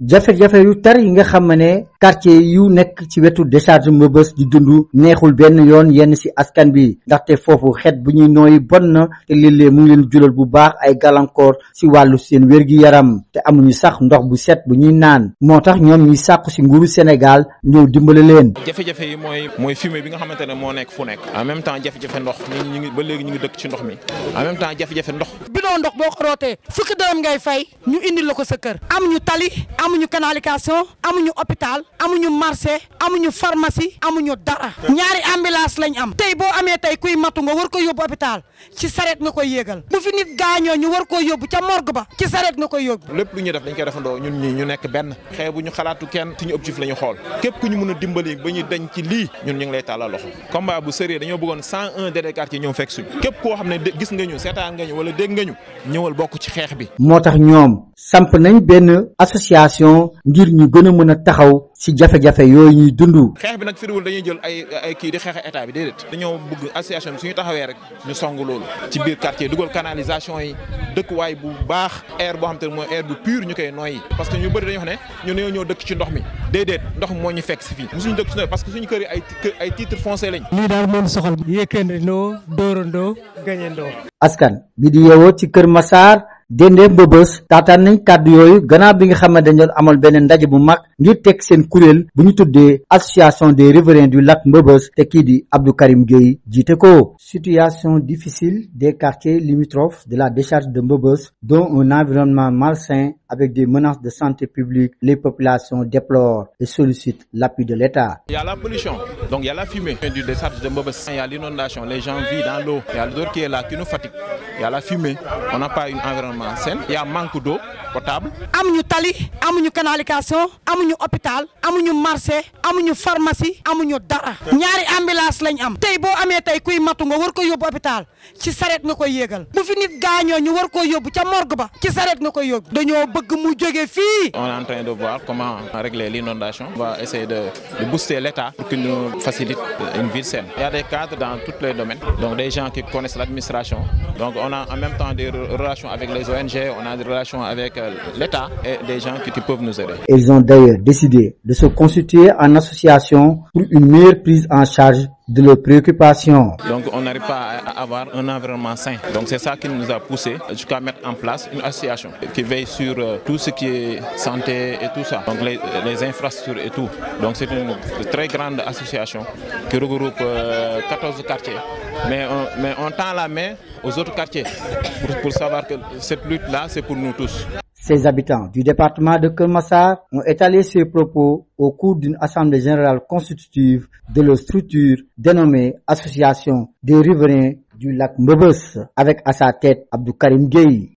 jafe-jafe yu tar yi nga xam ne quartier yu nekk ci wetu décharge Mbeubeuss di dund neexul benn yoon yenn ci askan bi ndaxte foofu xet bu ñuy nooy bon na te léeg mu ngi leen julal bu baax ay gàllankoor ci wàllu seen wér-gi-yaram te amuñu sax ndox bu set bu ñuy naan moo tax ñoom ñuy sàkku ci nguuru Sénégal ñëw dimbale leen jafe-jafe yi mooy mooy fumée bi nga xamante ne moo nekk fu nekk en même temps jafe-jafe ndox ñu ngi ba léegi ñu ngi dëkk ci ndox mi en même temps jafe-jafe ndox liiron ndox boo ko rootee fukki dërëm ngay fay ñu indi la ko sa kër am amuñu tali amuñu canalisation amuñu hôpital amuñu marché amuñu pharmacie amuñu dara ñaari ambulance lañ am tey boo amee tey kuy matu nga war ko yóbbu hôpital ci sareet nga koy yéegal bu fi nit gaañoo ñu war koo yóbbu ca morgue ba ci sareet nga koy yóbbu lépp lu ñuy def dañ koy defandoo ñun ñi ñu nekk benn xëy bu ñu xalaatu kenn suñu objectif la ñu xool képp ku ñu mën a dimbali ba ñu dañ ci lii ñun ñu ngi lay tàllal loxo combat bu sérieux dañoo bëggoon 101 délégués quartier koo xam ne gis nga ñu seetaan nga wala dégg ñëwal bokku ci xeex bi. moo tax ñoom samp nañ benn association ngir ñu gën a mën a taxaw. si jafe-jafe yooyu ñuy dund. xeex bi nag firiwul dañuy jël ay ay kii di xeexe état bi déedéet. dañoo bëgg association bi suñu taxawee rek ñu song loolu. ci biir quartier dugal canalisation yi dëkk dëkkuwaay bu baax air boo xam te ne mooy air bu pur ñu koy noyyi. parce que ñu bëri dañu wax ne ñun ñoo dëkk ci ndox mi déedéet ndox mi moo ñu fekk si fii mosuñu dëkk si parce que suñu kër yi ay ay titre foncier lañ. lii daal moo soxal. yëkkandoo di yeewoo ci Kër Massar. dende mbëbës taataan nañ kàddu yooyu gannaaw bi nga xam ne dañ amal benn ndaje bu mag ngir teg seen kuréel bu association des riverains du lac mbëbës te kii di Abdou Karim ko. situation difficile des quartiers limitrophes de la décharge de Mbëbës dont un environnement malsain avec des menaces de santé publique, les populations déplorent et sollicitent l'appui de l'État. Il y a la pollution, donc il y a la fumée il y a l'inondation, les gens vivent dans l'eau, il y a l'eau qui est là, qui nous fatigue, il y a la fumée, on n'a pas un environnement sain, il y a manque d'eau potable. amuñu tali amuñu canalisation amuñu hôpital amuñu marché amuñu pharmacie amuñu dara ñaari ambulance lañ am Tay bo amé tay kuy matu nga war ko hôpital ci sareet nga koy yéegal bu fi nit gaañoo ñu war koo yóbbu ca morgue ba ci sareet nga koy yóbbu bëgg mu joggé fi. on est en train de voir comment régler l'inondation on va essayer de, de booster l'État pour qu'il nous facilite une ville saine il y a des cadres dans tous les domaines donc des gens qui connaissent l'administration donc on a en même temps des relations avec les ONG on a des relations avec l'État et des gens qui peuvent nous aider. Ils ont d'ailleurs décidé de se constituer en association pour une meilleure prise en charge de leurs préoccupations. Donc on n'arrive pas à avoir un environnement sain. Donc c'est ça qui nous a poussé jusqu'à mettre en place une association qui veille sur euh, tout ce qui est santé et tout ça, donc les, infrastructures et tout. Donc c'est une très grande association qui regroupe 14 euh, quartiers. Mais on, tend la main aux autres quartiers pour savoir que cette lutte-là, c'est pour nous tous. Les habitants du département de Kermassar ont étalé ces propos au cours d'une assemblée générale constitutive de leur structure dénommée Association des riverains du lac Mobos avec à sa tête Abdou Karim Gueye.